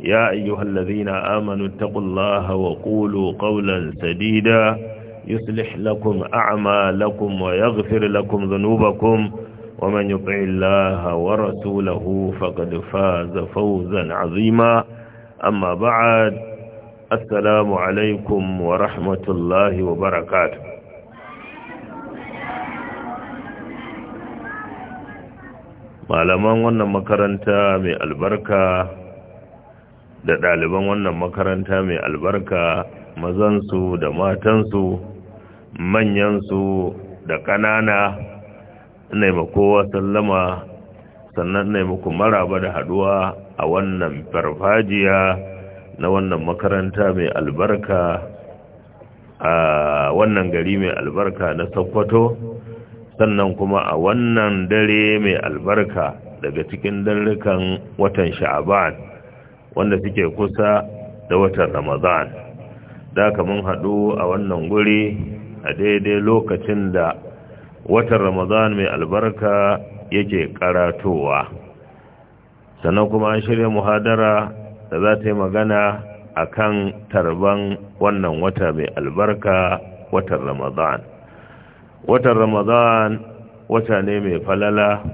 يا أيها الذين آمنوا اتقوا الله وقولوا قولا سديدا يصلح لكم أعمالكم ويغفر لكم ذنوبكم ومن يطع الله ورسوله فقد فاز فوزا عظيما أما بعد السلام عليكم ورحمة الله وبركاته malaman wannan makaranta mai albarka da ɗaliban wannan makaranta mai albarka mazansu da matansu manyansu da ƙanana ma kowa sallama sannan muku maraba da haduwa a wannan farfajiya na wannan makaranta mai albarka a wannan gari mai albarka na sokoto sannan kuma a wannan dare mai albarka daga cikin darrukan watan sha'aban wanda suke kusa da watan ramadan da mun haɗu a wannan guri a daidai lokacin da watan ramadan mai albarka yake karatowa sannan kuma an shirya muhadara da za ta yi magana a kan tarban wannan wata mai albarka watan ramadan watan ramadan wata ne mai falala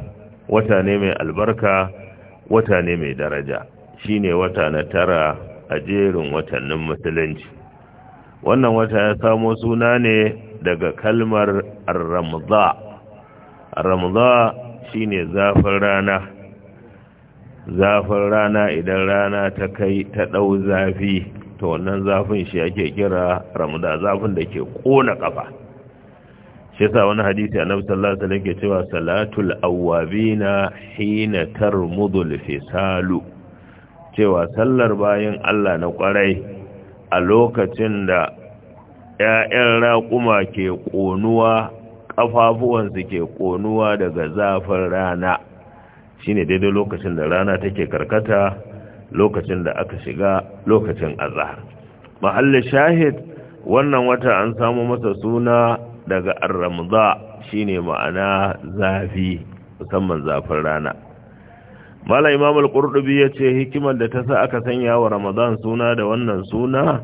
wata ne mai albarka wata ne mai daraja shine wata na tara a jerin watannin musulunci wannan wata ya samo suna ne daga kalmar ramza ramza shine zafin rana zafin rana idan rana ta kai ta ɗau zafi to wannan zafin shi ake kira ramza zafin da ke ƙona ƙafa shi sa wani hadisi a nafisar lasar ke cewa salatul awabina hina tarmudul fisalu cewa sallar bayan Allah na kwarai a lokacin da ‘ya'yan raƙuma ke ƙonuwa ƙafafuwansu ke ƙonuwa daga zafin rana shi ne daidai lokacin da rana take karkata lokacin da aka shiga lokacin azahar mahalli shahid wannan wata an samu masa suna daga arramza shi ne ma'ana zafi musamman zafin rana mala imam al-qurdubi yace hikimar da ta sa aka sanya wa ramadan suna da wannan suna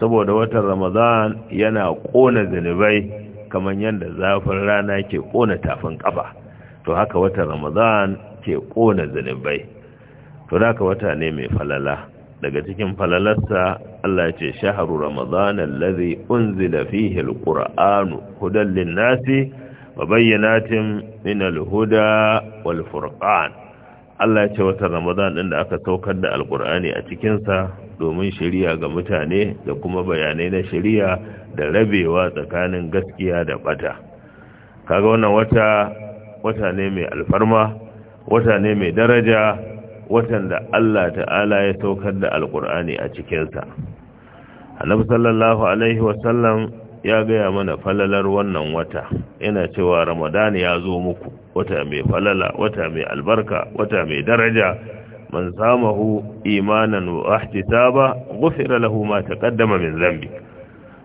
saboda watan ramadan yana kona zanubai kamar yanda zafin rana ke kona tafin kafa to haka watan ramadan ke kona zanubai to haka wata ne mai falala daga cikin falalarsa Allah ya ce shaharu ramadan allazi unzila fihi al hudan lin-nasi wa bayyinatin min huda wal-furqan Allah ya ce wata Ramadan ɗin da aka saukar da Alƙur'ani a cikinsa domin shari'a ga mutane da kuma bayanai na shari'a da rabewa tsakanin gaskiya da bata. Kaga wannan wata wata ne mai alfarma, wata ne mai daraja, watan da Allah ta'ala ya saukar da Alƙur'ani a cikinsa. Annabi sallallahu alaihi wasallam ya gaya mana falalar wannan wata yana cewa ramadan ya zo muku wata mai falala wata mai albarka wata mai daraja man samahu imanan wa ihtisaba ghufira lahu ma taqaddama min zambi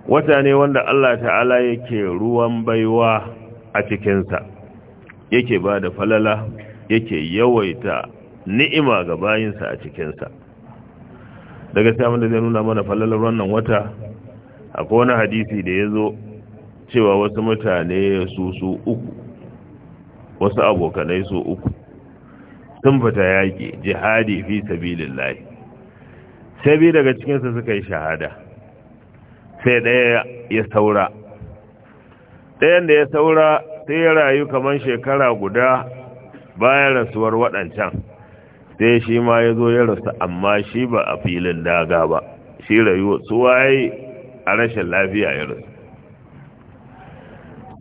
wata ne wanda Allah ta'ala yake ruwan baiwa a cikinsa yake bada falala yake yawaita ni'ima ga bayinsa a cikinsa daga samun da zai nuna mana falalar wannan wata akwai wani hadisi da ya zo cewa wasu mutane su su uku wasu abokanai su uku sun fita yaƙi jihadi fi sabilin sabilillahi sai bi daga cikinsu suka yi shahada sai ɗaya ya saura ɗayan da ya saura sai ya rayu kamar shekara guda bayan rasuwar waɗancan sai shi ma ya zo ya rasu amma shi ba a filin daga ba shi rayuwa su waye a rashin lafiya ya rasu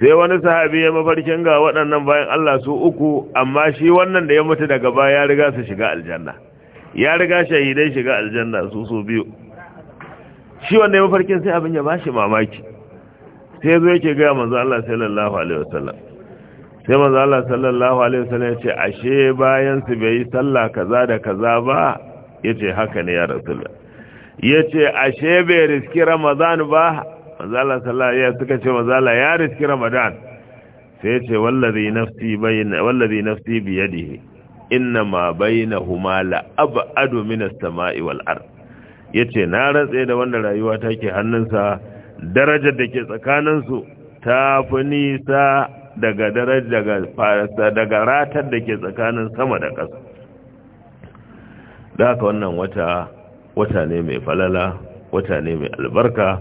sai wani sahabi ya mafarkin ga waɗannan bayan Allah su uku amma shi wannan da ya mutu daga baya ya riga su shiga aljanna ya riga shahidai shiga aljanna su su biyu shi wanda ya mafarkin sai abin ya ba shi mamaki sai zo yake gaya manzo Allah sallallahu alaihi wasallam sai manzo Allah sallallahu alaihi wasallam ya ce ashe bayan su bai sallah kaza da kaza ba yace haka ne ya rasulullah ya ce ashe bai riski ramadan ba mazala sallah ya suka ce mazala ya riski ramadan sai ya ce wallazi nafsi bayna inna ma bainahuma huma ab'adu min as-sama'i wal ard yace na rantse da wanda rayuwa take hannunsa darajar da ke tsakanin su ta fi nisa daga darajar daga ratar da ke tsakanin sama da ƙasa da haka wannan wata wata ne mai falala wata ne mai albarka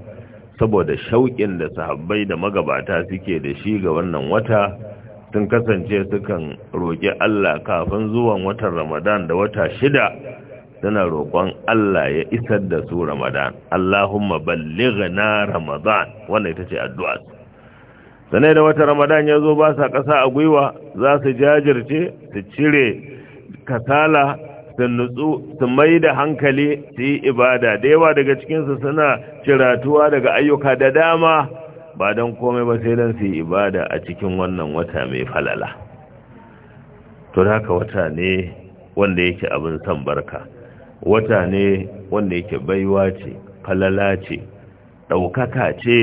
saboda shauƙin da sahabbai da magabata suke da shi ga wannan wata sun kasance sukan roƙi Allah kafin zuwan watan Ramadan da wata shida suna roƙon Allah ya isar da su Ramadan Allahumma na Ramadan wannan ita ce addu'a sanai da wata Ramadan ya zo ba sa ƙasa a gwiwa za su jajirce su cire kasala su nutsu su mai da hankali su yi ibada da yawa daga cikinsu suna ciratuwa daga ayyuka da dama ba don komai ba sai don su yi ibada a cikin wannan wata mai falala to haka wata ne wanda yake abin san barka wata ne wanda yake baiwa ce falala ce ɗaukaka ce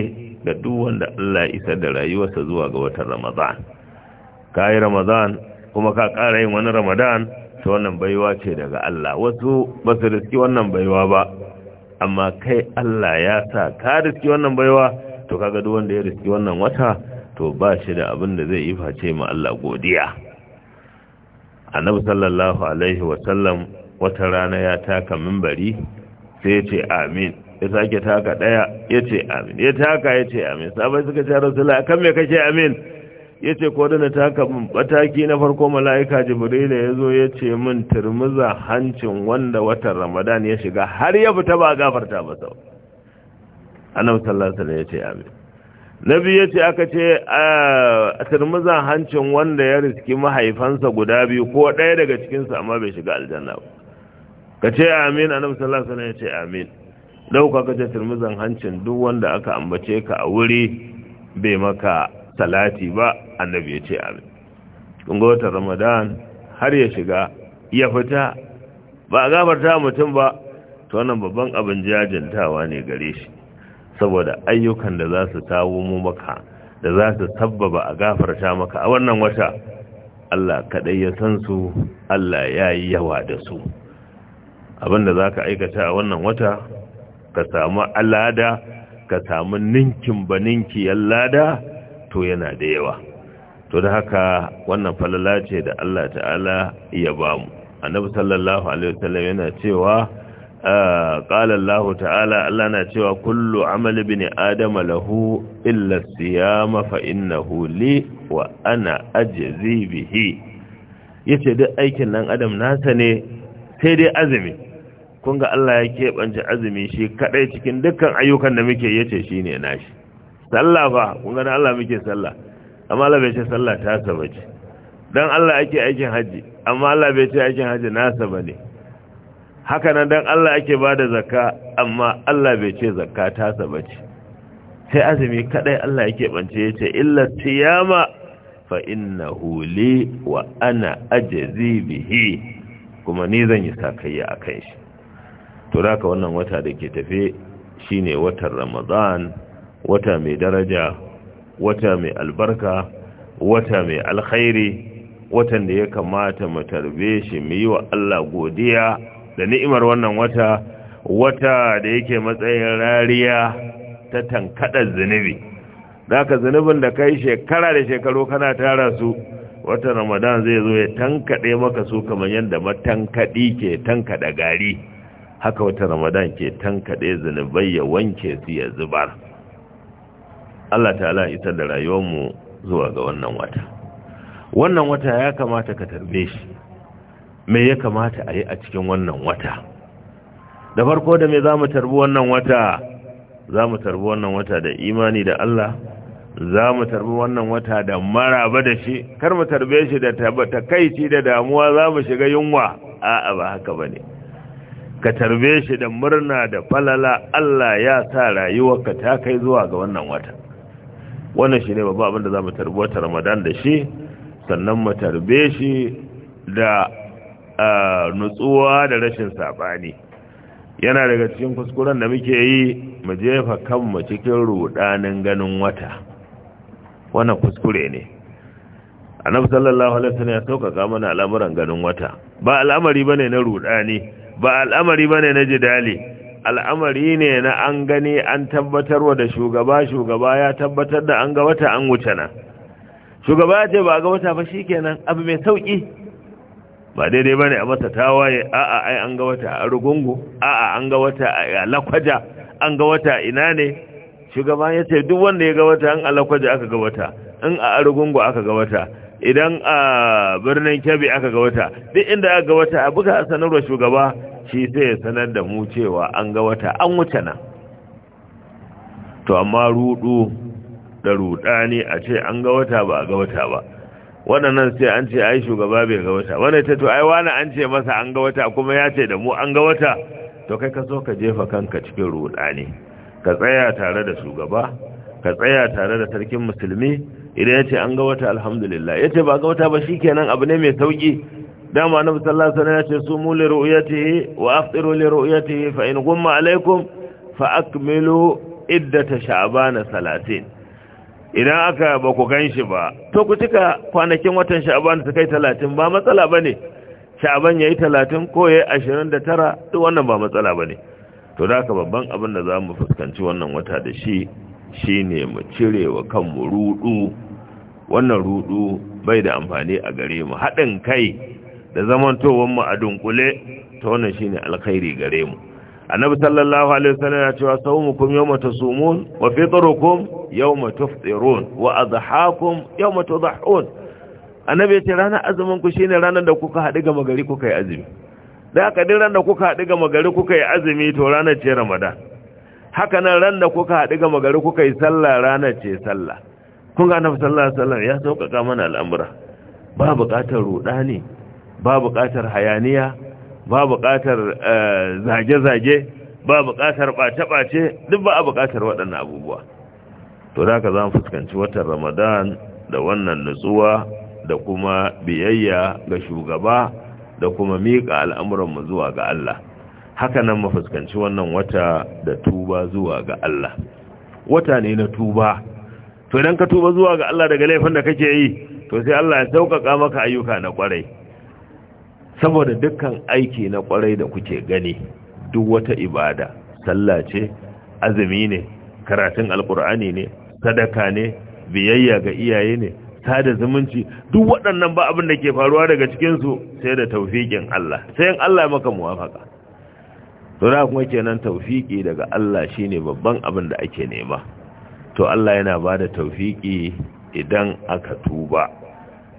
ga duk wanda Allah isa da rayuwarsa zuwa ga watan Ramadan ka yi Ramadan kuma ka ƙara yin wani Ramadan ta wannan baiwa ce daga Allah wasu ba su riski wannan baiwa ba amma kai Allah ya sa ka riski wannan baiwa to kaga duk wanda ya riski wannan wata to ba shi da abin da zai yi face ma Allah godiya annabi sallallahu alaihi wa sallam wata rana ya taka minbari sai ya ce amin ya sake taka daya ya ce amin ya taka ya ce amin sabai suka ce rasulullah kan me kake amin ya ce ko da taka mataki na farko mala'ika jibrila ya zo ya ce min turmuza hancin wanda watan ramadan ya shiga har ya fita ba gafarta ba sau annabi sallallahu ya ce amin nabi ya ce aka ce a turmuza hancin wanda ya riski mahaifansa guda biyu ko ɗaya daga cikinsu amma bai shiga aljanna ba ka ce amin anam sallasa ne ya ce amin dauka ka ce turmuzan hancin duk wanda aka ambace ka a wuri bai maka salati ba annabi ya ce amin kun ga ramadan har ya shiga ya fita ba a gafarta mutum ba to wannan babban abin jajintawa ne gare shi saboda ayyukan da za su tawo mu maka da za su sabbaba a gafarta maka a wannan wata Allah kaɗai ya san su Allah ya yi yawa da su abinda za ka aikata a wannan wata ka samu alada ka samu ninkin ba ninkiyar lada to yana da yawa to da haka wannan falala ce da Allah ta'ala ya ba mu annabi sallallahu alaihi wasallam yana cewa ah, qala Allah ta'ala Allah na cewa kullu amal ibn adama lahu illa siyama fa innahu li wa ana ajzi bihi yace duk aikin nan adam nasa ne sai dai azumi kun ga Allah ya keɓance azumi shi kaɗai cikin dukkan ayyukan da muke yace shine nashi sallah ba kun gani Allah muke sallah amma Allah bai ce sallah ta saba ce dan Allah ake aikin haji amma Allah bai ce aikin haji saba ne. haka nan dan Allah ake bada zakka amma Allah bai ce zakka ta saba ce sai azumi kadai Allah yake bance yace illa tiyama fa innahu li wa ana ajzi bihi kuma ni zan yi sakayya akai shi to da wannan wata da ke tafe shine watan Ramadan wata mai daraja wata mai albarka wata mai alkhairi watan da ya kamata mu tarbe shi mu yi wa Allah godiya da ni'imar wannan wata wata da yake matsayin rariya ta tankadar zunubi zaka zunubin da kai shekara da shekaru kana tara su wata ramadan zai zo ya tankade maka su kamar yadda matankadi ke tankada gari haka wata ramadan ke tankade zunubai ya wanke su ya zubar Allah ta'ala isar da rayuwarmu zuwa ga wannan wata wannan wata ya kamata ka tarbe shi me ya kamata a yi a cikin wannan wata da farko da me za mu tarbi wannan wata za mu tarbi wannan wata da imani da Allah za mu tarbi wannan wata da maraba da shi kar mu tarbe shi da takaici da damuwa za mu shiga yunwa a'a ba haka bane ka tarbe shi da murna da falala Allah ya sa rayuwarka ta kai zuwa ga wannan wata wannan shi ne babban abin da za mu tarbi wata ramadan da shi sannan mu tarbe shi da nutsuwa da rashin saɓani yana daga cikin kuskuren da muke yi mu jefa mu cikin rudanin ganin wata wannan kuskure ne annabi sallallahu alaihi wasallam ya sauƙaƙa mana al'amuran ganin wata ba al'amari bane na rudani ba al'amari bane na jidali al'amari ne na an gani an tabbatarwa da shugaba shugaba ya tabbatar da an ga wata an wuce nan shugaba ya ce ba ga wata fa kenan abu mai sauki ba daidai bane a masa tawaye a'a ai an ga wata a rugungu a'a an ga wata a lakwaja an ga wata ina ne shugaba ya ce duk wanda ya ga wata an a lakwaja aka ga wata in a arugungu aka ga wata idan a birnin kyabi aka ga wata duk inda aka ga wata a buga a sanarwa shugaba shi sai ya sanar da mu cewa an ga wata an wuce nan to amma rudu da rudani a ce an ga wata ba ga wata ba waɗannan sai an ce ai shugaba bai ga wata wanda ta to ai wani an ce masa an ga wata kuma ya ce da mu an ga wata to kai ka so ka jefa kanka cikin rudani ka tsaya tare da shugaba ka tsaya tare da sarkin musulmi idan ya ce an ga wata alhamdulillah ya ce ba ga wata ba shikenan abu ne mai sauki dama annabi sallallahu alaihi wasallam ya ce sumu li ru'yatihi wa afṭiru li ru'yatihi fa in gumma alaikum fa akmilu iddata sha'ban 30 idan aka ba ku ganshi ba to ku cika kwanakin watan sha'ban su kai 30 ba matsala bane sha'ban yayi 30 ko yayi 29 duk wannan ba matsala bane to da haka babban abin da zamu fuskanci wannan wata da shi shine mu cire wa kanmu rudu wannan rudu bai da amfani a gare mu haɗin kai da zamantowar mu a dunkule ta wannan shine alkhairi gare mu annabi sallallahu alaihi wasallam ya cewa sawmukum yawma tasumun wa fitrukum yawma tufṭirun wa adhahakum yawma tudhahun annabi ce ranar azumin ku shine ranar da kuka haɗu ga magari kuka yi azumi da aka din ran da kuka haɗu ga magari kuka yi azumi to ranar ce ramadan haka nan ranar da kuka haɗu ga magari kuka yi sallah ranar ce sallah kun ga annabi sallallahu alaihi wasallam ya sauƙaƙa mana al'amura ba buƙatar ruɗani ba buƙatar hayaniya ba buƙatar eh, zage-zage ba buƙatar ɓace-ɓace duk ba a buƙatar waɗannan abubuwa to da ka za mu fuskanci watan ramadan da wannan nutsuwa da kuma biyayya ga shugaba da kuma miƙa al'amuranmu zuwa ga Allah haka nan mu fuskanci wannan wata da tuba zuwa ga Allah wata ne na tuba to idan ka tuba zuwa ga Allah daga laifin da kake yi to sai Allah ya sauƙaƙa maka ayyuka na ƙwarai saboda dukkan aiki na kwarai da kuke gani duk wata ibada sallah ce azumi ne karatun alkur'ani ne sadaka ne biyayya ga iyaye ne sada zumunci duk waɗannan ba abin da ke faruwa daga cikinsu sai da taufiƙin Allah sai in Allah maka muwafaka to da kuma kenan taufiƙi daga Allah shine babban abin da ake nema to Allah yana ba da taufiƙi idan aka tuba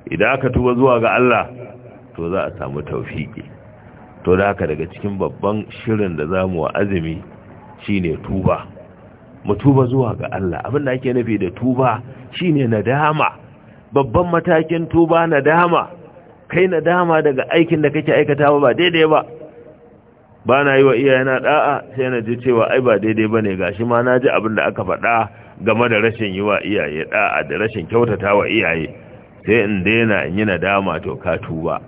idan aka tuba zuwa ga Allah to za a samu taufiki to da haka daga cikin babban shirin da za mu wa azumi shine tuba mu tuba zuwa ga Allah abinda ake nufi da tuba shine nadama babban matakin tuba nadama kai nadama daga aikin da kake aikata ba daidai ba ba na yi wa iyayena da'a sai na ji cewa ai ba daidai ba bane gashi ma na ji abin da aka faɗa game da rashin yi wa iyaye da'a da rashin kyautata wa iyaye sai in daina in yi nadama to ka tuba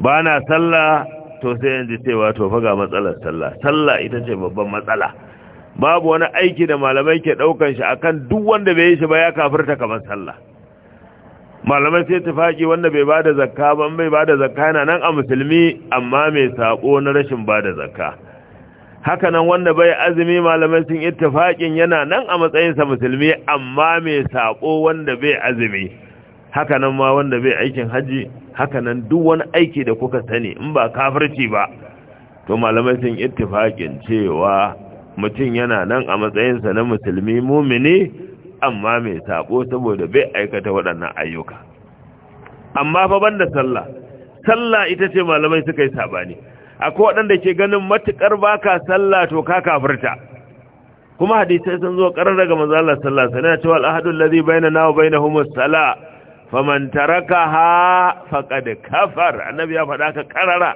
ba na sallah to sai yanzu cewa to faga matsalar sallah sallah ita ce babban matsala babu wani aiki da malamai ke daukan shi akan duk wanda bai yi shi ba ya kafirta kamar sallah malamai sai tafaki wanda bai bada zakka ba bai bada zakka yana nan a musulmi amma mai sako na rashin bada zakka haka nan wanda bai azumi malamai sun ittifakin yana nan a matsayin sa musulmi amma mai sako wanda bai azumi haka nan ma wanda bai aikin haji hakanan duk wani aiki da kuka sani in ba kafirci ba to malamai sun ittifaqin cewa mutum yana nan a matsayinsa na musulmi mumini amma mai sabo saboda bai aikata waɗannan ayyuka amma fa banda sallah sallah ita ce malamai suka yi sabani akwai waɗanda ke ganin matukar baka sallah to ka kafirta kuma hadisai sun zo karar daga manzo Allah sallallahu alaihi wasallam cewa al ahadul ladhi bainana wa bainahumus faman taraka ha faqad kafar annabi ya faɗa ka karara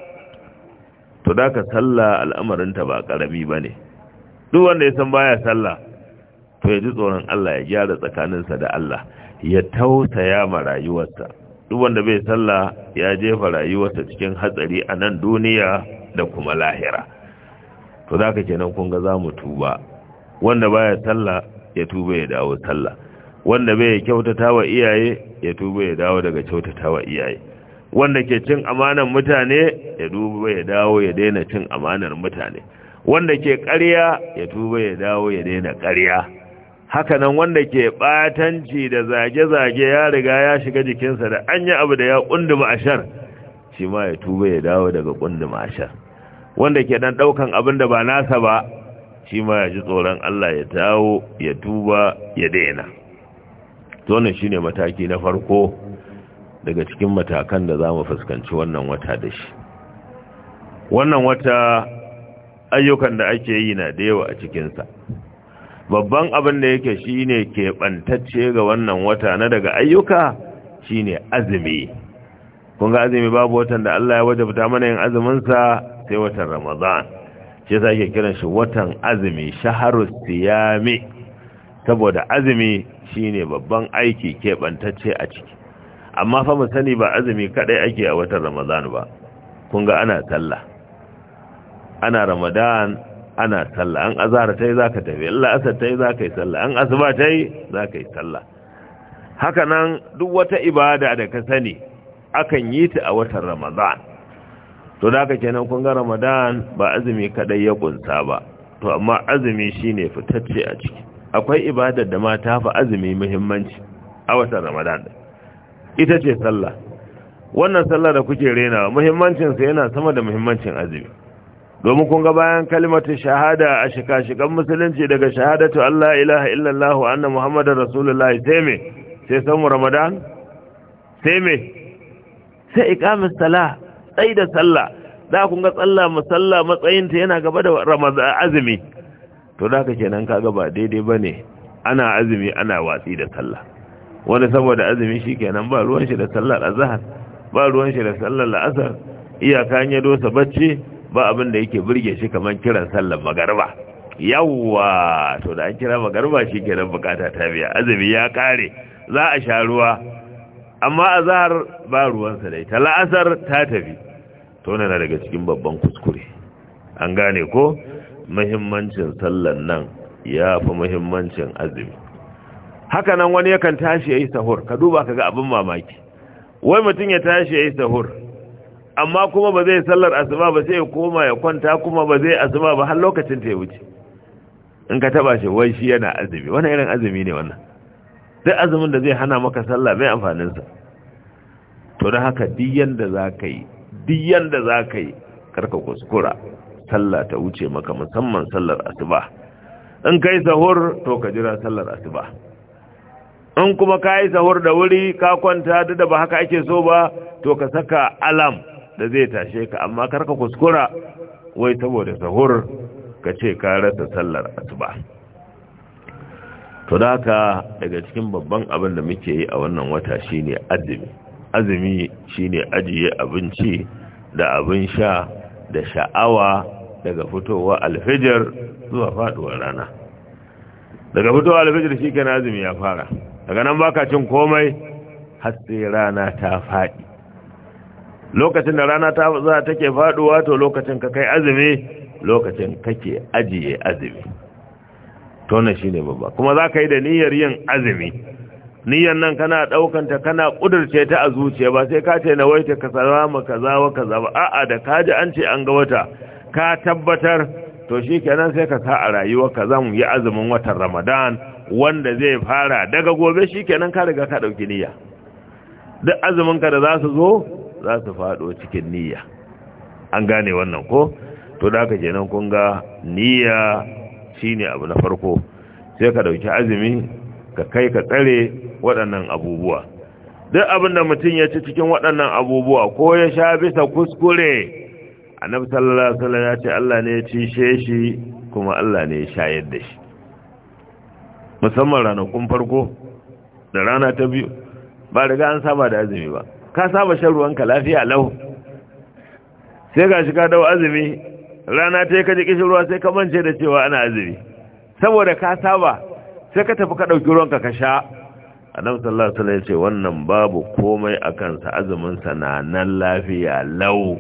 to da ka sallah al'amarin ta ba karami bane duk wanda ya san baya sallah to ya ji tsoron Allah ya gyara tsakaninsa da Allah ya tausaya ma rayuwarsa duk wanda bai sallah ya jefa rayuwarsa cikin hatsari a nan duniya da kuma lahira to zaka kenan kun ga za mu tuba wanda baya salla ya tuba ya dawo sallah wanda bai kyautata wa iyaye ya tuba ya dawo daga kyautata wa iyaye wanda ke cin amanar mutane ya duba ya dawo ya daina cin amanar mutane wanda ke ƙarya ya tuba ya dawo ya daina ƙarya hakanan wanda ke ɓatanci da zage-zage ya riga ya shiga jikinsa da an yi abu da ya ƙunduma ashar shi ma ya tuba ya dawo daga ƙunduma ashar wanda ke ɗan ɗaukan abin da ba nasa ba shi ma ya ji tsoron Allah ya dawo ya tuba ya daina zonin shi ne mataki na farko daga cikin matakan da za mu fuskanci wannan wata da shi wannan wata ayyukan da ake yi na da yawa a cikinsa babban abin da yake shi ne keɓantacce ga wannan wata na daga ayyuka shi ne azumi kunga azumi babu watan da Allah ya wajabta mana yin azuminsa sai watan ramadan shi yasa ake kiran shi watan azumi shaharu siyami saboda azumi shine babban aiki keɓantacce a ciki amma fa mu sani ba azumi kadai ake a watan ramadan ba kun ga ana sallah ana ramadan ana sallah an azhar tai zaka tafi illa asar tai zaka yi sallah an asuba tai zaka yi sallah haka nan duk wata ibada da ka sani akan yi ta a watan ramadan to da ka kenan kun ga ramadan ba azumi kadai ya ƙunsa ba to amma azumi shine fitacce a ciki akwai ibadar da mata fa azumi muhimmanci a watan ramadan ita ce sallah wannan sallah da kuke rena muhimmancinsa yana sama da muhimmancin azumi domin kun ga bayan kalimatu shahada a shika-shikan musulunci daga shahadatu Allah ilaha illallah wa anna muhammadar rasulullahi sai me sai samu ramadan sai me sai iqamus salah Sai da sallah da kun ga sallah musalla matsayinta yana gaba da ramadan azumi to da kenan kaga ba daidai bane ana azumi ana watsi da sallah Wani saboda azumi shikenan ba ruwan shi da sallar azhar ba ruwan shi da sallar la'asar iyaka ya dosa bacci ba abin da yake burge shi kaman kiran sallar magarba yawwa to da an kira magarba shikenan bukata ta biya azumi ya kare za a sha ruwa amma azhar ba ruwansa dai ta la'asar ta tafi to na daga cikin babban kuskure an gane ko muhimmancin sallan nan ya fi muhimmancin azumi haka nan wani yakan tashi ya yi sahur ka duba ka ga abin mamaki wai mutum ya tashi ya yi sahur amma kuma ba zai sallar asuba ba sai ya koma ya kwanta kuma ba zai asuba ba har lokacin ta ya wuce in ka taba shi wai shi yana azumi wannan irin azumi ne wannan duk azumin da zai hana maka sallah mai amfaninsa to da haka diyan da za ka yi diyan da za yi karka kuskura sallah ta wuce maka musamman sallar asuba in kai sahur to ka jira sallar asuba in kuma ka yi sahur da wuri ka kwanta duk da ba haka ake so ba to ka saka alam da zai tashe ka amma kar ka kuskura wai saboda sahur ka ce ka rasa sallar asuba to daga cikin babban abin da muke yi a wannan wata shine azumi azumi shine ajiye abinci da abin sha da sha'awa daga fitowa alfijir zuwa faduwar rana daga fitowa alfijir shi ke azumi ya fara daga nan baka cin komai har rana ta faɗi lokacin da rana ta za take faduwa to lokacin ka kai azumi lokacin kake ajiye azumi to na shine babba kuma za ka yi da niyyar yin azumi niyan nan kana ɗaukanta kana ƙudurce ta a zuciya ba sai ka ce na waita ka salama kaza wa kaza ba a'a da kaji ji an ce an ga wata ka tabbatar to shi kenan sai ka sa a rayuwa ka zan yi azumin watan ramadan wanda zai fara daga gobe shi kenan ka riga ka ɗauki niyya duk azumin ka da za su zo za su faɗo cikin niyya an gane wannan ko to da haka kenan kun ga niyya shine abu na farko sai ka ɗauki azumi ka kai ka tsare waɗannan abubuwa duk abin da mutum ya ci cikin waɗannan abubuwa ko ya sha bisa kuskure a na fitar ya ce Allah ne ya cishe shi kuma Allah ne ya shayar da shi musamman ranakun farko da rana ta biyu ba riga an saba da azumi ba ka saba shan ruwanka lafiya lau sai ga shi ka dau azumi rana ta yi ka ji kishin ruwa sai ka mance da cewa ana azumi saboda ka saba sai ka tafi ka ɗauki ruwanka ka sha annabi sallallahu alaihi wasallam ce wannan babu komai a sa azumin sa na nan lafiya lau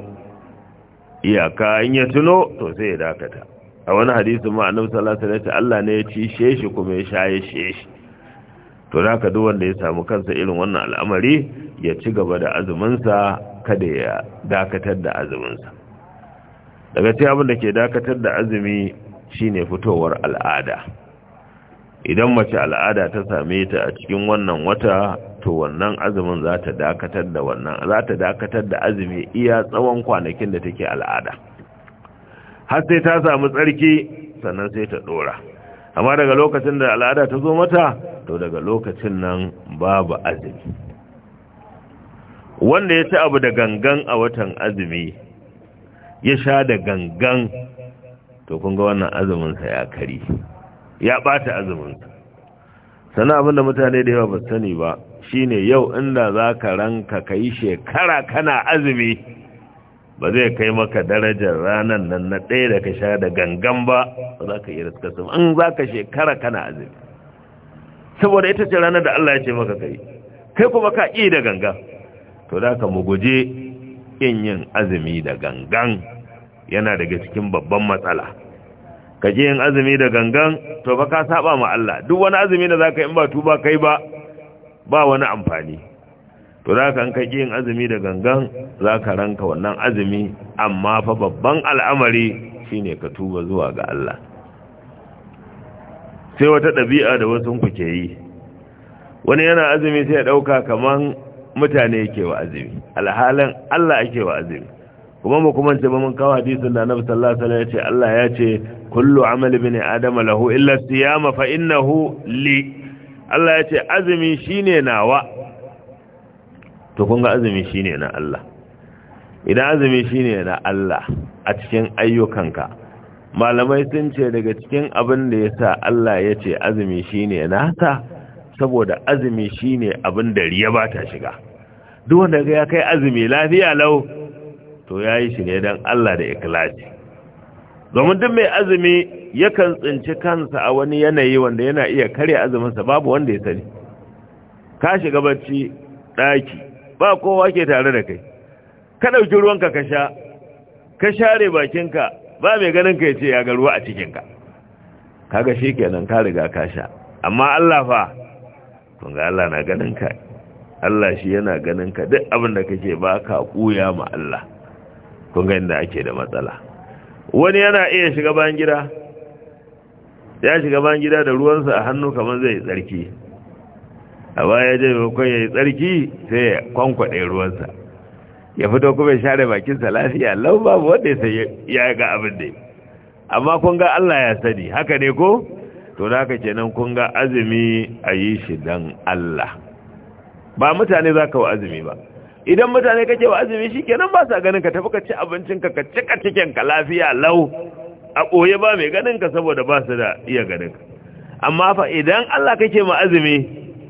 iyaka in ya tuno to sai ya dakata a wani hadisi ma annabi sallallahu alaihi wasallam ce Allah ne ya ci sheshi kuma ya sha ya sheshi. to ka duk wanda ya samu kansa irin wannan al'amari ya ci gaba da azumin sa kada ya dakatar da azumin sa daga cikin abin da ke dakatar da azumi shine fitowar al'ada idan mace al'ada ta same ta a cikin wannan wata to wannan azumin za ta dakatar da wannan za ta dakatar da azumi iya tsawon kwanakin da take al'ada har sai ta samu tsarki sannan sai ta dora amma daga lokacin da al'ada ta zo mata to daga lokacin nan babu azumi wanda ya ci abu da gangan a watan azumi ya sha da gangan to kun ga wannan azumin sa ya kari ya bata azuminsa sana abinda mutane da yawa ba sani ba shine yau inda za ka ranka ka yi shekara kana azumi ba zai kai maka darajar ranar nan na ɗaya da ka sha da gangan ba za ka iya riskasun in za ka shekara kana azumi saboda ita ce ranar da Allah ya ce maka kai kai kuma ka iya da ganga to da ka mu guje yin yin azumi da gangan yana daga cikin babban matsala ka je yin azumi da gangan to ba ka saba ma Allah duk wani azumi da zaka in ba tuba kai ba ba wani amfani to zaka an kai yin azumi da gangan zaka ranka wannan azumi amma fa babban al'amari shine ka tuba zuwa ga Allah sai wata ɗabi'a da wasu ku ke yi wani yana azumi sai ya ɗauka kaman mutane yake wa azumi alhalin Allah yake wa azumi kuma mu kuma ce ba mun kawo hadisin da annabi sallallahu alaihi wasallam ya ce Allah ya ce kullu amali bani adama lahu illa siyama fa innahu li Allah ya ce azumi shine nawa to kun ga azumi shine na Allah idan azumi shine na Allah a cikin ayyukanka malamai sun ce daga cikin abin da ya sa Allah ya ce azumi shine nasa saboda azumi shine abin da riya ba ta shiga duk wanda ga ya kai azumi lafiya lau to ya yi shi ne don Allah da ikilaci. domin duk mai azumi yakan tsinci kansa a wani yanayi wanda yana iya karya azuminsa babu wanda ya sani ka shiga barci, ɗaki ba kowa ke tare da kai ka ɗauki ruwanka ka sha ka share bakinka ba mai ganin ka ya ce ya ga ruwa a cikinka Ka shi kenan ka riga ka sha amma Allah fa kun ga Allah na ganin ka Allah shi yana ganin ka duk abin da kake ba ka kuya ma Allah kun ga inda ake da matsala wani yana iya shiga bayan gida ya shiga bayan gida da ruwansa a hannu kamar zai tsarki a baya je maimakon ya yi tsarki sai ya kwankwaɗe ruwansa ya fito kuma ya share bakinsa lafiya lau babu wanda ya sai ya ga abin da amma kun ga Allah ya sani haka ne ko to da haka kenan kun ga azumi a yi shi don Allah ba mutane za ka wa azumi ba idan mutane kake wa azumi shikenan ba sa ganin ka tafi ka ci abincin ka ka cika cikin ka lafiya lau a koye ba mai ganin ka saboda ba su da iya ganin ka amma fa idan Allah kake ma azumi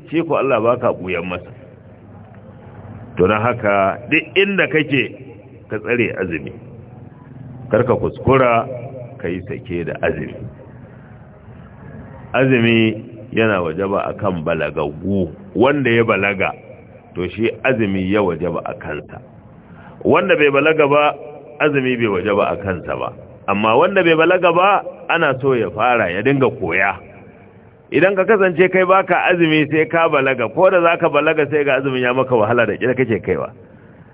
shi ko Allah baka buyan masa to dan haka duk inda kake ka tsare azumi kar ka kuskura kai sake da azumi azumi yana wajaba akan balagagu wanda ya balaga to shi azumi ya waje ba a kansa wanda bai balaga ba azumi bai waje ba a kansa ba amma wanda bai balaga ba ana so ya fara ya dinga koya idan ka kasance kai baka azumi sai ka balaga ko da zaka balaga sai ga azumin ya maka wahala da kira kake kaiwa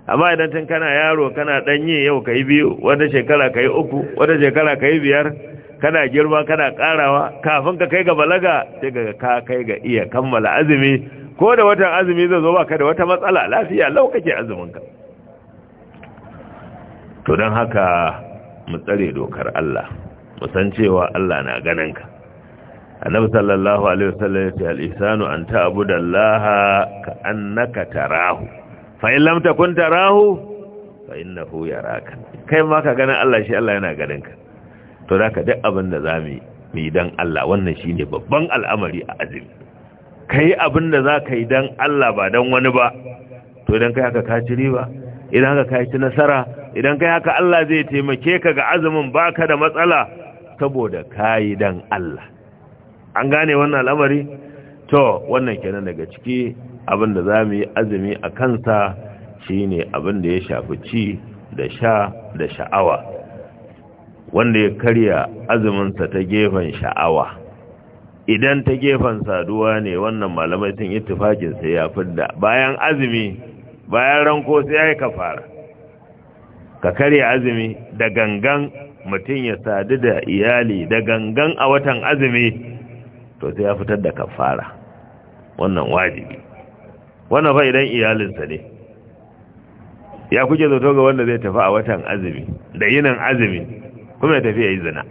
amma idan tun kana yaro kana danye yau kai biyu wata shekara kai uku wata shekara kai biyar kana girma kana karawa kafin ka kai ga balaga sai ga ka kai ga iya kammala azumi ko da watan azumi zai zo baka da wata matsala lafiya lau kake azuminka to don haka mu tsare dokar Allah mu san cewa Allah na ganin ka annabi sallallahu alaihi wasallam yace al-ihsanu an ta'budallaha ka annaka tarahu fa in lam takun tarahu fa innahu yaraka kai ma ka ganin Allah shi Allah yana ganin ka to zaka duk abin da zamu yi dan Allah wannan shine babban al'amari a azumi ka yi abin da za ka yi don Allah ba don wani ba to idan kai haka ka riba idan haka ka ci nasara idan kai haka Allah zai taimake ka ga azumin ba ka da matsala saboda ka yi don Allah an gane wannan al'amari to wannan kenan daga ciki abin da za mu yi azumi a kansa shine abin da ya shafi ci da sha da sha'awa wanda ya karya azuminsa ta gefen sha'awa idan ta gefen saduwa ne wannan malamai sun ittifakin sai ya fidda bayan azumi bayan ranko sai ya yi kafara ka karya azumi da gangan mutum ya sadu da iyali da gangan a watan azumi to sai ya fitar da kafara wannan wajibi wannan fa idan iyalinsa ne ya kuke zato ga wanda zai tafi a watan azumi da yinin azumi kuma ya tafi ya yi zina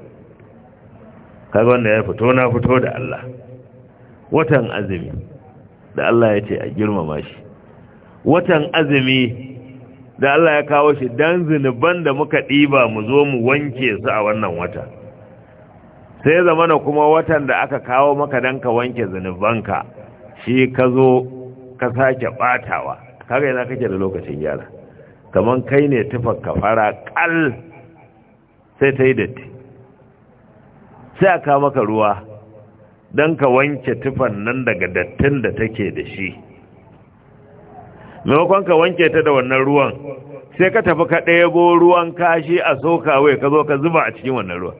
kaga wanda ya fito na fito da Allah watan azumi da Allah ya ce a girmama shi watan azumi da Allah ya kawo shi dan zinuban da muka ɗiba mu zo mu wanke su a wannan wata sai zamana kuma watan da aka kawo maka dan ka wanke zinubanka shi ka zo ka sake batawa kaga yana kake da lokacin yara.' kaman kai ne tufa kafara kal sai ta yi datti sai a kawo maka ruwa don ka wanke tufan nan daga dattin da take da shi maimakon ka wanke ta da wannan ruwan sai ka tafi ka ruwan kashi a soka wai ka zo ka zuba a cikin wannan ruwan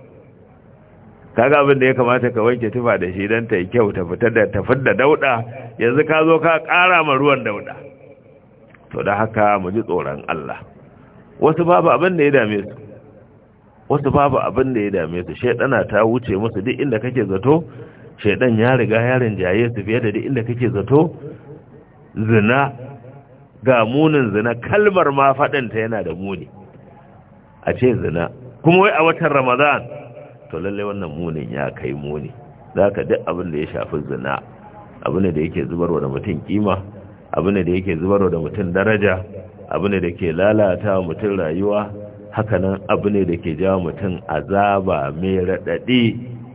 kaga abin da ya kamata ka wanke tufa da shi don ta yi kyau ta fitar da tafi da dauda yanzu ka zo ka ƙara ma ruwan dauda to da haka mu ji tsoron Allah wasu babu abin da ya dame su wasu babu abin da ya dame su shaidana ta wuce musu duk inda kake zato shaidan ya riga ya rinjaye su fiye da duk inda kake zato zina ga munin zina kalmar ma ta yana da muni a ce zina kuma wai a watan ramadan to lallai wannan munin ya kai muni za ka duk abin da ya shafi zina abin da yake zubarwa da mutum kima abin da yake zubarwa da mutum daraja abin da ke lalata mutum rayuwa hakanan abu ne da ke jawo mutum azaba mai raɗaɗi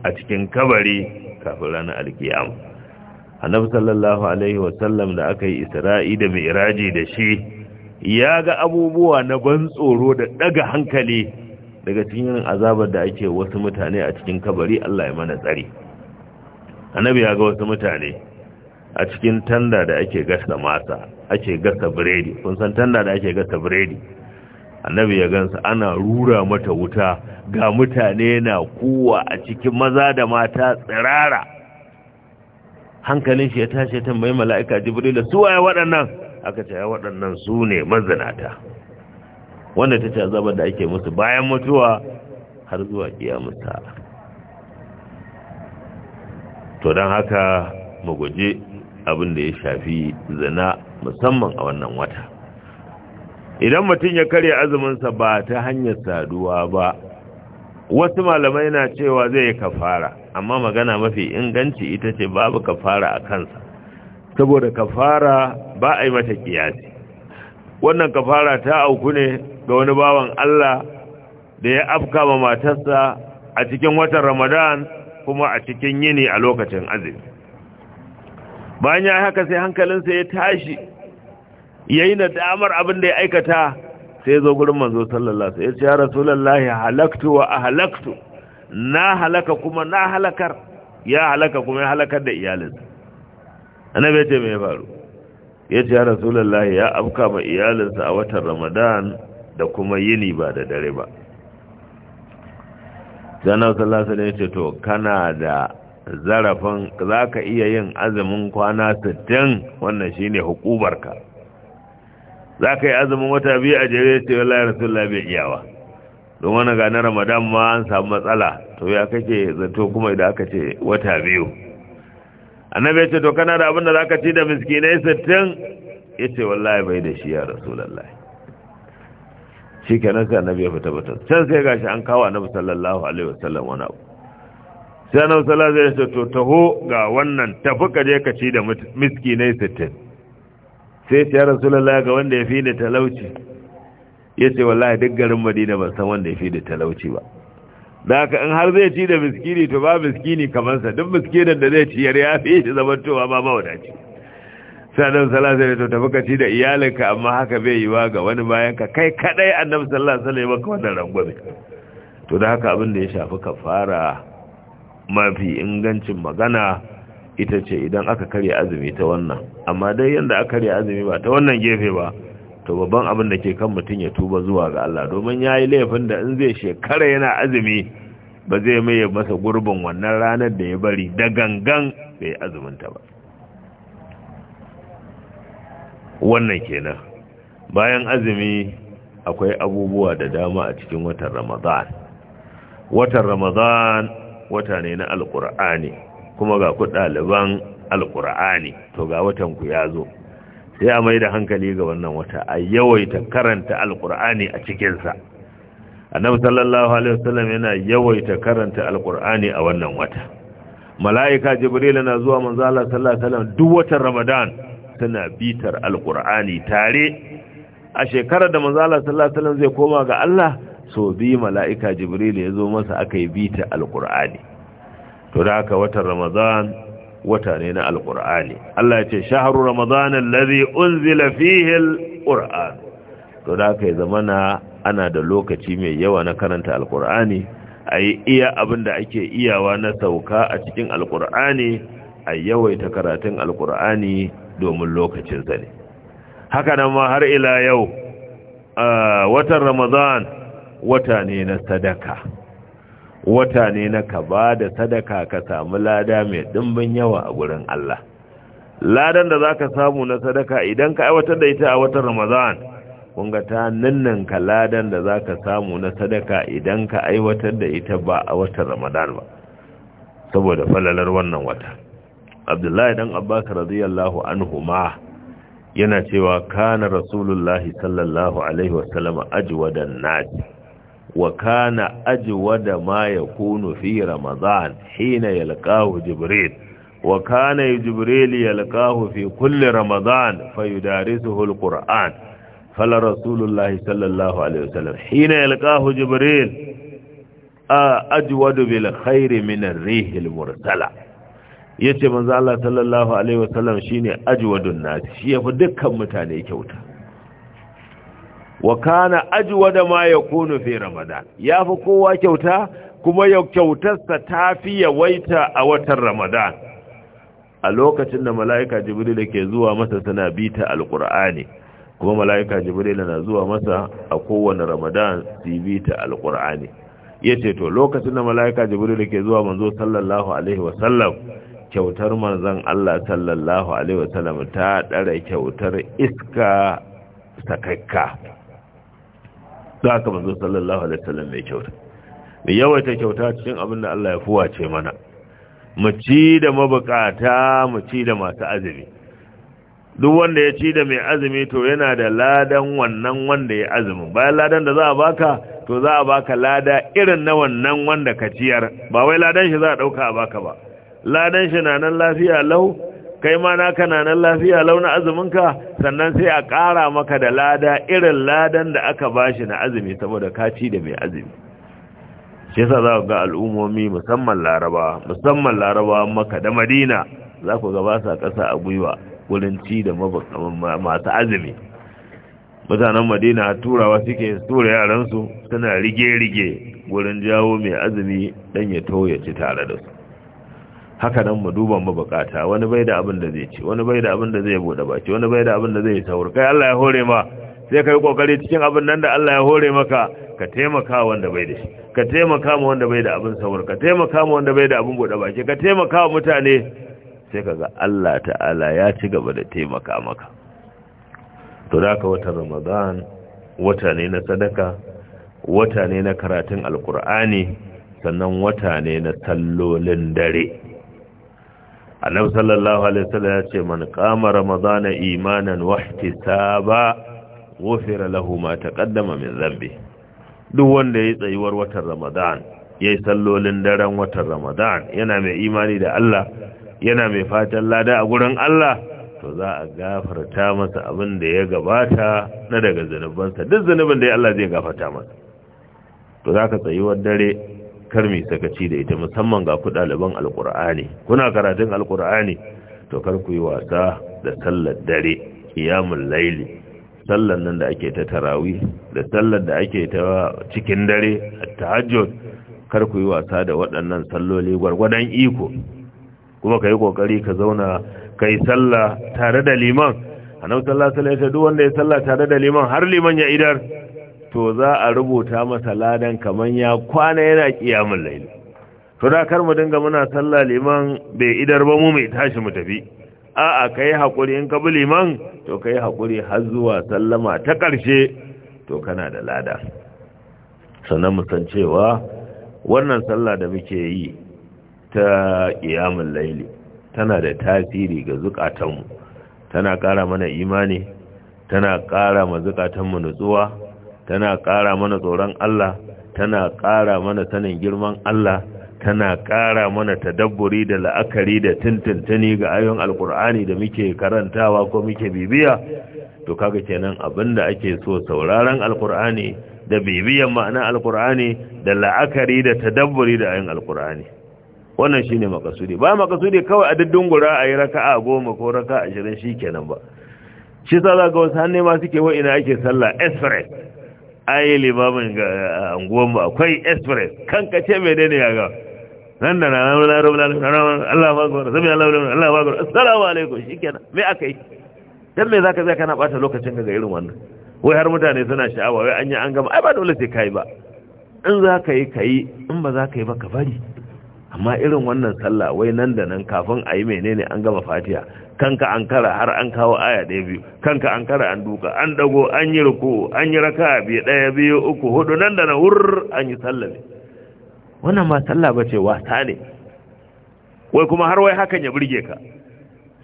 a cikin kabari kafin ranar alkiyama annabi sallallahu alaihi wasallam da aka yi isra'i da mi'raji da shi ya ga abubuwa na ban tsoro da ɗaga hankali daga cikin azabar da ake wasu mutane a cikin kabari Allah ya mana tsari annabi ya ga wasu mutane a cikin tanda da ake gasa masa ake gasa biredi kun san tanda da ake gasa biredi annabi ya gansa ana rura mata wuta ga mutane na kuwa a cikin maza da mata tsirara hankalin shi ya tashi mai mala'ika jibril su waye waɗannan aka ce waɗannan su ne mazinata wanda ta ce azabar da ake musu bayan mutuwa har zuwa kiyamusa to don haka mu guji abin da ya shafi zina musamman a wannan wata idan mutum ya karya azuminsa ba ta hanyar saduwa ba wasu malamai na cewa zai yi kafara amma magana mafi inganci ita ce babu kafara a kansa saboda kafara ba a yi mata kiyasi wannan kafara ta auku ne ga wani bawan Allah da ya afka ma matarsa a cikin watan Ramadan kuma a cikin yini a lokacin azumi bayan ya haka sai hankalinsa ya tashi yayi nadamar abin da ya aikata sai zo gurin manzo sallallahu alaihi wasallam ya ce ya rasulullahi halaktu wa ahlaktu na halaka kuma na halakar ya halaka kuma ya halakar da iyalinsa annabi ya ce me ya faru ya ce ya rasulullahi ya afka ma iyalinsa a watan ramadan da kuma yini ba da dare ba sanar salasa ne ce to kana da zarafin za ka iya yin azumin kwana 60 wannan shi ne hukubarka za ka yi azumin wata biyu a jere ce wallahi rasulullah bai iyawa don wani gane ramadan ma an samu matsala to ya kake zato kuma idan aka ce wata biyu annabi ya ce to kana da abin da za ka ci da miskinai sittin ya ce wallahi bai da shi ya rasu lallai. shi nan sai annabi ya fita fita can sai gashi an kawo annabi sallallahu alaihi wasallam wani abu sai annabi sallallahu alaihi wasallam to taho ga wannan tafi ka je ka ci da miskinai sittin sai ta rasulullah ga wanda ya fi da talauci ya ce wallahi duk garin madina ban san wanda ya fi da talauci ba da haka in har zai ci da miskini to ba miskini kamansa duk miskinin da zai ci yare ya fi shi zamantowa ba wadaci sanan salasa ne to tafi ka ci da iyalinka amma haka bai yiwa ga wani bayan ka kai kadai annabi sallallahu alaihi wasallam ka wannan rangwame to da haka abin da ya shafi kafara mafi ingancin magana ita ce idan aka karya azumi ta wannan amma dai yanda aka karya azumi ba ta wannan gefe ba to babban abin da ke kan mutum ya tuba zuwa ga Allah domin yayi laifin da in zai shekara yana azumi ba zai maye masa gurbin wannan ranar da ya bari da gangan bai azuminta ba wannan kenan bayan azumi akwai abubuwa da dama a cikin watan Ramadan watan Ramadan wata ne na alkur'ani kuma ga ku ɗaliban alƙur'ani to ga watan ku ya zo sai a mai da hankali ga wannan wata a yawaita karanta alƙur'ani a cikinsa annabi sallallahu alaihi wasallam yana yawaita karanta alƙur'ani a wannan wata mala'ika jibril na zuwa manzo Allah sallallahu alaihi wasallam duk watan ramadan suna bitar alƙur'ani tare a shekarar da manzo Allah sallallahu alaihi wasallam zai koma ga Allah so bi mala'ika jibril ya zo masa aka yi bita alƙur'ani to da haka watan ramadan wata ne na alqur'ani Allah ya ce shahru ramadan allazi unzila fihi alqur'an to da haka zamana ana da lokaci mai yawa na karanta alqur'ani ayi iya abin da ake iyawa na sauka a cikin alqur'ani a yawaita karatun alqur'ani domin lokacin sa ne haka nan ma har ila yau watan ramadan wata ne na sadaka wata ne na ka ba da sadaka ka samu lada mai dimbin yawa a gurin Allah ladan da za ka samu na sadaka idan ka aiwatar da ita a watan Ramadan kun ga ta nannan ka ladan da zaka samu na sadaka idan ka aiwatar da ita ba a watan Ramadan ba saboda falalar wannan wata Abdullahi dan Abbas radiyallahu ma, yana cewa kana rasulullahi sallallahu alaihi wasallam ajwadan nadi. وكان أجود ما يكون في رمضان حين يلقاه جبريل وكان جبريل يلقاه في كل رمضان فيدارسه القرآن فلرسول الله صلى الله عليه وسلم حين يلقاه جبريل آه، أجود بالخير من الريح المرسلة yace الله صلى الله عليه وسلم شيني أجود الناس شيني yafi dukkan mutane wa kana da ma yakunu fi ramadan yafi kowa kyauta kuma ya kyautarsa fi yawaita a watan ramadan a lokacin da mala'ika jibril ke zuwa masa tana bita alqur'ani kuma mala'ika jibril na zuwa masa a kowane ramadan su bita alqur'ani yace to lokacin da mala'ika jibril ke zuwa manzo sallallahu alaihi wasallam kyautar manzan Allah sallallahu alaihi wasallam ta dare kyautar iska sakakka da ka manzo sallallahu alaihi wasallam mai kyauta mai yawaita kyauta cikin abin da Allah ya fuwace mana mu ci da mabukata mu ci da masu azumi duk wanda ya ci da mai azumi to yana da ladan wannan wanda ya azumi bayan ladan da za a baka to za a baka lada irin na wannan wanda ka ciyar ba wai ladan shi za a dauka a baka ba ladan shi na nan lafiya lau kai ma na kananan lafiya launa azuminka sannan sai a ƙara maka da lada irin ladan da aka bashi na azumi saboda kaci da mai azumi shi yasa za ku ga al'ummomi musamman laraba musamman laraba maka da madina za ku ga ba sa ƙasa a gwiwa wurin ci da masu azumi mutanen madina turawa suke tura yaransu suna rige-rige wurin jawo mai azumi dan ya to ya ci tare da su haka nan mu duba mu bukata wani bai da abin da zai ci wani bai da abin da zai bude baki wani bai da abin da zai taur kai Allah ya hore ma sai kai kokari cikin abin nan da Allah ya hore maka ka taimaka wanda bai da shi ka taimaka ma wanda bai da abin saur ka taimaka ma wanda bai da abin bude baki ka taimaka wa mutane sai kaga Allah ta'ala ya ci gaba da taimaka maka to da ka wata Ramadan wata ne na sadaka wata ne na karatun alkur'ani sannan wata ne na sallolin dare annabi sallallahu alaihi wasallam ya ce man qama ramadana imanan wa ihtisaba ghufira lahu ma taqaddama min dhanbi duk wanda yayi tsayuwar watan ramadan yayi sallolin daren watan ramadan yana mai imani da Allah yana mai fatan lada a gurin Allah to za a gafarta masa abin da ya gabata na daga zanubansa duk zanubin da ya Allah zai gafarta masa to zaka tsayuwar dare kar mu sakaci da ita musamman ga ku ɗaliban alkur'ani kuna karatun alkur'ani to kar ku yi wasa da sallar dare qiyamul laili sallar nan da ake ta tarawi da sallar da ake ta cikin dare tahajjud kar ku yi wasa da waɗannan salloli gwargwadon iko kuma ka yi ƙoƙari ka zauna ka yi sallah tare da liman annabi sallallahu alaihi wasallam duk wanda ya sallah tare da liman har liman ya idar to za a rubuta masa ladan kaman ya kwana yana kiyamun laili to da kar mu dinga muna sallah liman bai idar ba mu mai tashi mu tafi a'a kai hakuri in ka bi liman to kai hakuri har zuwa sallama ta ƙarshe to kana da lada sannan mu san cewa wannan sallah da muke yi ta kiyamun laili tana da tasiri ga zukatanmu tana ƙara mana imani tana ƙara ma zukatanmu nutsuwa tana ƙara mana tsoron Allah tana ƙara mana sanin girman Allah tana ƙara mana tadabburi da la'akari da tuntuntuni ga ayon alkur'ani da muke karantawa ko muke bibiya to kaga kenan abinda ake so sauraron alkur'ani da bibiyan ma'anar alkur'ani da la'akari da tadabburi da ayon alkur'ani wannan shine makasudi ba makasudi kawai a daddungura a yi raka'a goma ko raka'a ashirin kenan ba shi sa za ga wasu hannu ma suke wa ina ake sallah express ai limamin anguwan mu akwai express kan ka ce mai dai ya ga nan da nan Allah ba gwara sabbi Allah Allah ba gwara assalamu alaikum shikenan me akai dan me zaka zai kana bata lokacin ga irin wannan wai har mutane suna sha'awa wai an yi an gama ai ba dole sai kai ba in za ka yi ka yi in ba za ka yi ba ka bari amma irin wannan sallah wai nan da nan kafin a yi menene an gama fatiha kanka an kara har an kawo aya ɗaya biyu kanka an kara an duka an dago an yi ruku an yi raka biyu ɗaya biyu uku hudu nan da nan wurr an yi sallah ne wannan ma sallah ba ce wasa ne wai kuma har wai hakan ya burge ka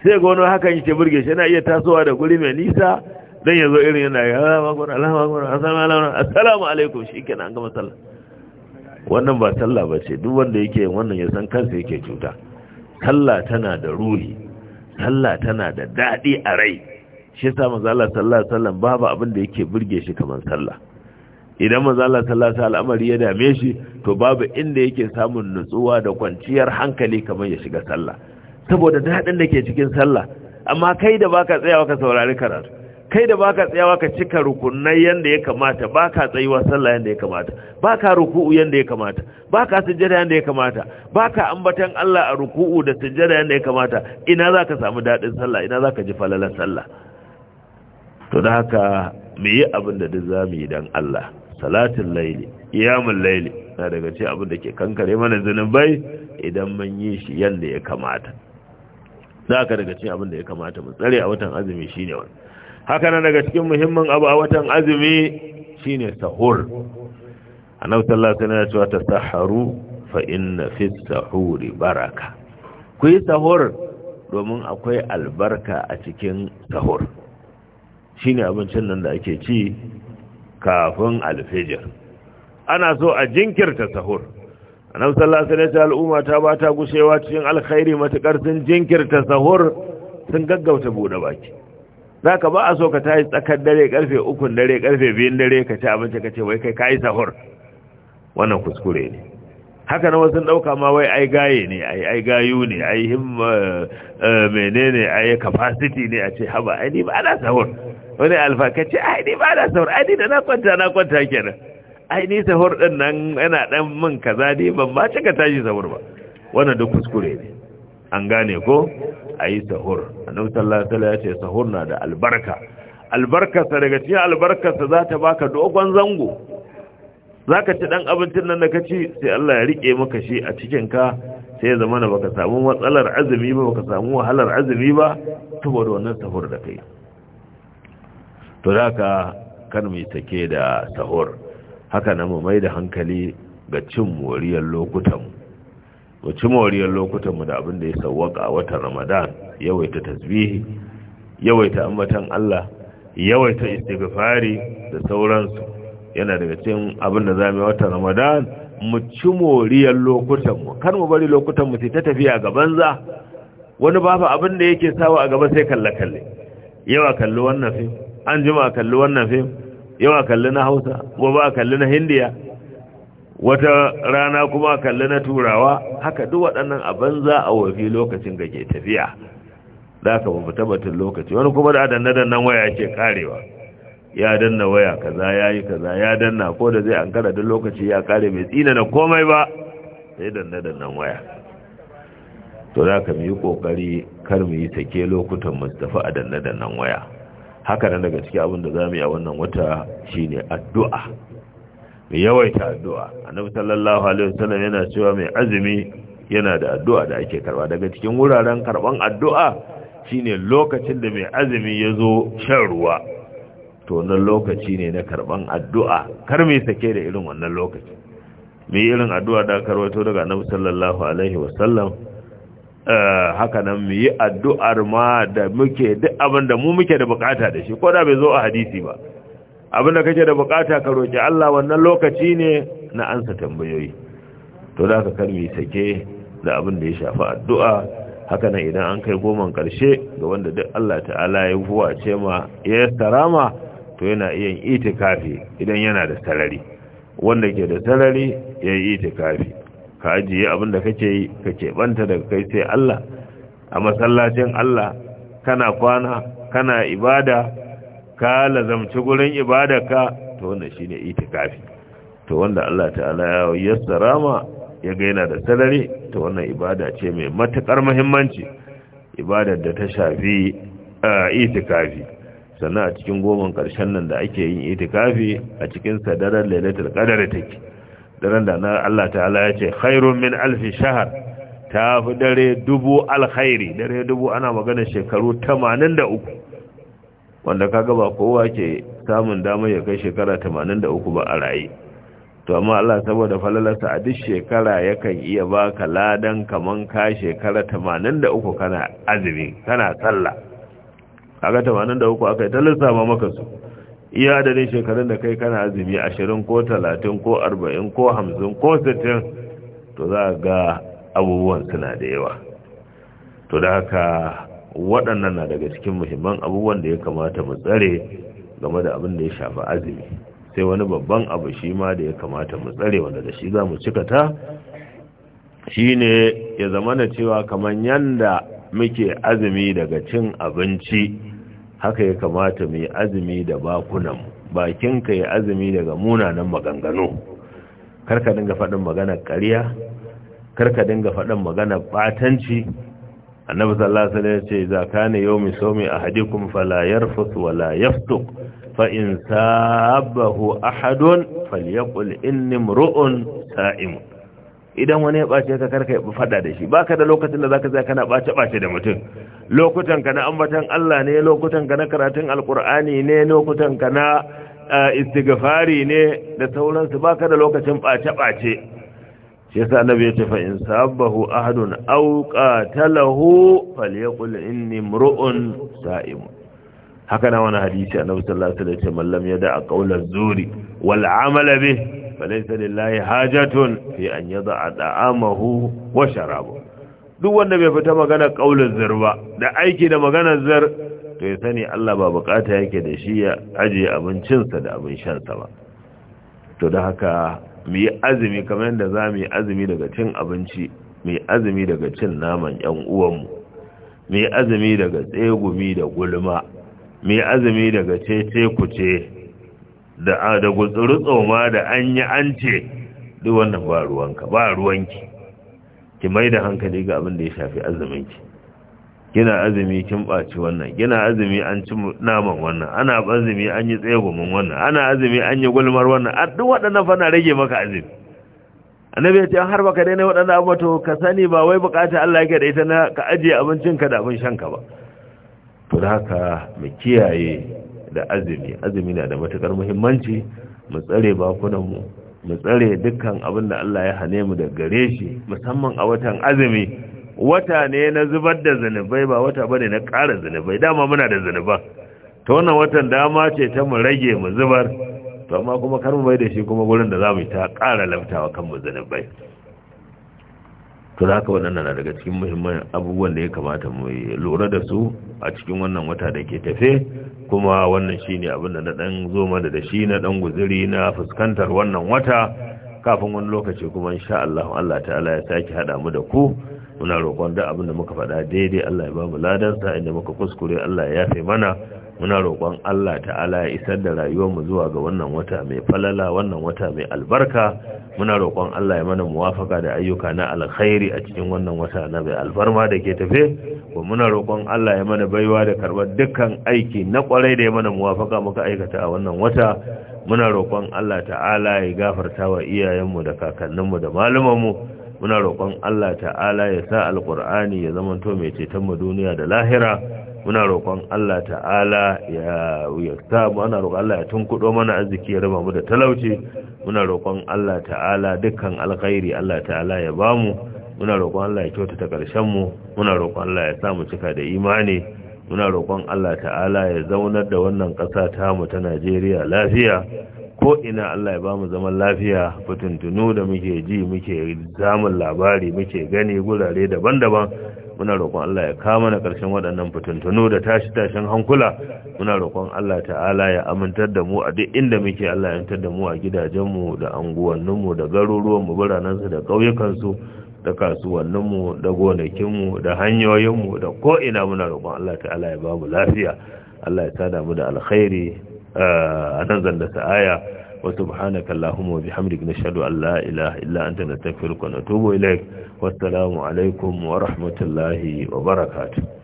sai ga wani hakan yake burge shi yana iya tasowa da guri mai nisa dan ya zo irin yana ya alhamdulillah assalamu alaikum shikenan an gama sallah wannan ba sallah ba ce duk wanda yake wannan ya san kansa yake cuta sallah tana da ruhi sallah tana da daɗi a rai shi yasa manzo Allah sallallahu alaihi wasallam babu abin da yake burge shi kamar sallah idan manzo Allah sallallahu alaihi al'amari ya dame shi to babu inda yake samun nutsuwa da kwanciyar hankali kamar ya shiga sallah saboda daɗin da ke cikin sallah amma kai da baka tsayawa ka saurari karatu kai da baka tsayawa ka cika rukunai yanda ya kamata baka tsayuwa sallah yanda ya kamata baka ruku'u yanda ya kamata baka sujjada yanda ya kamata baka ambatan Allah a ruku'u da sujjada yanda ya kamata ina zaka samu dadin sallah ina zaka ji falalan sallah to da haka me yi abin da duk zamu yi dan Allah salatul layli iyamul layli na daga ce abin da ke kankare mana zanubai idan mun yi shi yanda ya kamata zaka daga ce abin da ya kamata mu tsare a watan azumi shine wannan haka na daga cikin muhimmin abu a watan azumi shine sahur annabi sallallahu alaihi wasallam ya ce tasaharu fa inna fi sahuri baraka ku yi sahur domin akwai albarka a cikin sahur shine abincin nan da ake ci kafin alfijir ana so a jinkirta sahur annabi sallallahu alaihi wasallam al'umma ta bata ta gushewa cikin alkhairi matakar sun jinkirta sahur sun gaggauta bude baki za ka ba a so ka tashi tsakar dare karfe ukun dare karfe biyun dare ka ci abinci ka ce wai kai ka yi sahur wannan kuskure ne haka nan wasu ɗauka ma wai ai gaye ne ai ai gayu ne ai him eh, menene ai capacity ne a ce haba ai ni ba ana sahur wani alfa ka ce ai ni ba ana sahur ai ni da na kwanta na kwanta kenan ai ni sahur din nan yana dan min kaza ne ban ma cika tashi sahur ba wannan duk kuskure ne an gane ko a yi sahur annabi sallallahu alaihi wasallam ya ce sahur na da albarka albarkarsa daga cikin albarkarsa za ta baka dogon zango za ka ci ɗan abincin nan da ka ci sai Allah ya riƙe maka shi a cikinka sai ya zama na baka samu matsalar azumi ba baka samu wahalar azumi ba saboda wannan sahur da kai to za ka kan mai take da sahur haka na mu mai da hankali ga cin moriyar lokutanmu mu ci moriyar lokutanmu da abin da ya sawwaka a watan ramadan yawaita tasbihi yawaita ambatan Allah yawaita istighfari da sauransu yana daga cikin abin da zamu yi watan ramadan mu ci moriyar lokutanmu kar mu bari lokutanmu sai ta tafiya ga banza wani babu abin da yake sawa a gaba sai kalle kalle yawa kalli wannan fim an jima kalli wannan fim yawa kalli na hausa gobe a kalli na hindiya wata rana kuma kalli na turawa haka duk waɗannan a banza a wafi lokacin ga ke tafiya za ka babu tabbatin lokaci wani kuma da danna-dannan waya ke karewa ya danna waya kaza ya yi kaza ya danna ko da zai an kara duk lokaci ya kare mai tsina na komai ba sai danna-dannan waya to za ka mu yi ƙoƙari kar mu yi sake lokutan mustafa a danna-dannan waya haka nan daga cikin abin da za mu yi a wannan wata shine addu'a mai yawaita addu'a annabi sallallahu alaihi wasallam yana cewa mai azumi yana da addu'a da ake karba daga cikin wuraren karban addu'a shine lokacin da mai azumi ya zo shan ruwa to wannan lokaci ne na karban addu'a kar mai sake da irin wannan lokaci mai irin addu'a da karwato daga annabi sallallahu alaihi wasallam eh, haka nan mu yi addu'ar ma da muke duk abin da mu muke da bukata da shi ko da bai zo a hadisi ba abinda kake da bukata ka roki Allah wannan lokaci ne na ansa tambayoyi to da ka karmi sake da abin da ya shafi addu'a haka nan idan an kai goman karshe ga wanda duk Allah ta'ala ya huwa ce ma ya sarama to yana iya itikafi idan yana da sarari wanda ke da sarari ya yi itikafi ka ajiye abin da kake yi kake keɓanta daga kai sai Allah a masallacin Allah kana kwana kana ibada ka lazamci gurin ibadarka to wannan shine itikafi to wanda Allah ta'ala ya yassara ma ya ga da sarari to wannan ibada ce mai matukar muhimmanci ibadar da ta shafi itikafi sannan a cikin goma karshen nan da ake yin itikafi a cikin sadarar lailatul qadar take daren da Allah ta'ala ya ce khairun min alfi shahar tafi dare dubu alkhairi dare dubu ana magana shekaru 83 wanda kaga ba kowa ke samun damar ya kai shekara 83 ba a raye to amma Allah saboda falalarsa a duk shekara yakan iya baka ladan kaman ka shekara 83 kana azumi kana sallah kaga 83 akai ta lissafa maka su iya da ne shekarun da kai kana azumi 20 ko 30 ko 40 ko 50 ko 60 to za ga abubuwan suna da yawa to da haka waɗannan na daga cikin muhimman abubuwan da ya kamata mu tsare game da abin da ya shafi azumi sai wani babban abu shi ma da ya kamata mu tsare wanda da shi za mu ta shi ne ya na cewa kamar yanda muke azumi daga cin abinci haka ya kamata mu yi azumi da bakunan ka yi azumi daga munanan maganganu karka dinga faɗin maganar ƙarya karka dinga faɗin maganar ɓatanci annabi sallallahu alaihi wasallam yace idza kana yawmi sawmi ahadikum fala yarfus wala yaftuq fa in sabahu ahadun falyaqul inni mru'un sa'im idan wani ya bace ka karka fada da shi baka da lokacin da zaka zai kana bace bace da mutum lokutan ka na ambatan Allah ne lokutan ka na karatun alqur'ani ne lokutan ka na eh, istighfari ne da sauransu baka da lokacin bace bace shi yasa annabi yace fa in sabahu ahadun aw qatalahu falyaqul inni mru'un sa'im haka na wani hadisi annabi sallallahu alaihi wasallam man lam yada qawla zuri wal amala bih falaysa lillahi hajatun fi an yada'a da'amahu wa sharabahu duk wanda bai fita magana qawla zur ba da aiki da magana zur to ya sani Allah ba bukata yake da shi ya aje abincinsa da abin shansa ba to da haka mu yi azumi kamar yadda za mu yi azumi daga cin abinci mu yi azumi daga cin naman yan uwanmu mu yi azumi daga tsegumi da gulma mu yi azumi daga cece kuce da da gutsuru tsoma da an yi an ce duk wannan ba ruwanka ba ruwanki ki mai da hankali ga abin da ya shafi azumin ki. kina azumi kin ɓaci wannan gina azumi an ci naman wannan ana azumi an yi tsaye gumin wannan ana azumi an yi gulmar wannan a duk waɗannan fa rage maka azumi annabi ya ce har baka daina waɗannan abu to ka sani ba wai bukata Allah yake da ita na ka ajiye abincin ka da abin shan ka ba to da haka mu kiyaye da azumi azumi na da matukar muhimmanci mu tsare bakunan mu mu tsare dukkan abin da Allah ya hane mu da gare shi musamman a watan azumi wata ne na zubar da zunubai ba wata bane na ƙara zunubai dama muna da zunuban ta wannan watan dama ce ta mu rage mu zubar to amma kuma kar mu bai da shi kuma gurin da za mu yi ta ƙara laftawa kan mu zunubai to da haka waɗanda na daga cikin muhimman abubuwan da ya kamata mu lura da su a cikin wannan wata da ke tafe kuma wannan shine abin da na dan zo mana da shi na dan guzuri na fuskantar wannan wata kafin wani lokaci kuma insha Allah Allah ta'ala ya sake haɗa mu da ku muna roƙon da abin da muka faɗa daidai Allah ya ba mu ladansa inda muka kuskure Allah ya yafe mana muna roƙon Allah ta'ala ya isar da rayuwar mu zuwa ga wannan wata mai falala wannan wata mai albarka muna roƙon Allah ya mana muwafaka da ayyuka na alkhairi a cikin wannan wata na mai alfarma da ke tafe ko muna roƙon Allah ya mana baiwa da karbar dukkan aiki na ƙwarai da ya mana muwafaka muka aikata a wannan wata muna roƙon Allah ta'ala ya gafarta wa iyayenmu da kakanninmu da malumanmu muna roƙon Allah ta'ala ya sa alƙur'ani ya zamanto mai ceton mu duniya da lahira muna roƙon Allah ta'ala ya sa muna roƙon Allah ya tunkudo mana arziki ya raba mu da talauci muna roƙon Allah ta'ala dukkan alkhairi Allah ta'ala ya bamu muna roƙon Allah ya kyautata ƙarshen mu muna roƙon Allah ya sa mu cika da imani muna roƙon Allah ta'ala ya zaunar da wannan ƙasa ta mu ta Najeriya lafiya ko ina Allah ya ba mu zaman lafiya fitintunu da muke ji muke zamun labari muke gani gurare daban-daban muna roƙon Allah ya kama na ƙarshen waɗannan fitintunu da tashi-tashin hankula muna roƙon Allah ta'ala ya amintar da mu a duk inda muke Allah ya amintar da mu a gidajenmu da anguwanninmu da garuruwanmu biranensu da ƙauyukansu da kasuwanninmu da gonakinmu da hanyoyinmu da ko'ina muna roƙon Allah ta'ala ya ba mu lafiya Allah ya sada mu da alkhairi nazzalna ta aya wa subhanaka allahumma wa bihamdika nashhadu an la ilaha illa anta nastaghfiruka wa natubu ilaik wassalamu alaikum wa rahmatullahi wa barakatuh